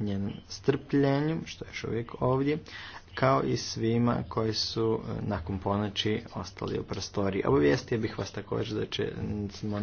njenom strpljenju, što je još uvijek ovdje, kao i svima koji su e, nakon ponoći ostali u prostoriji. Obavijestio bih vas također da ćemo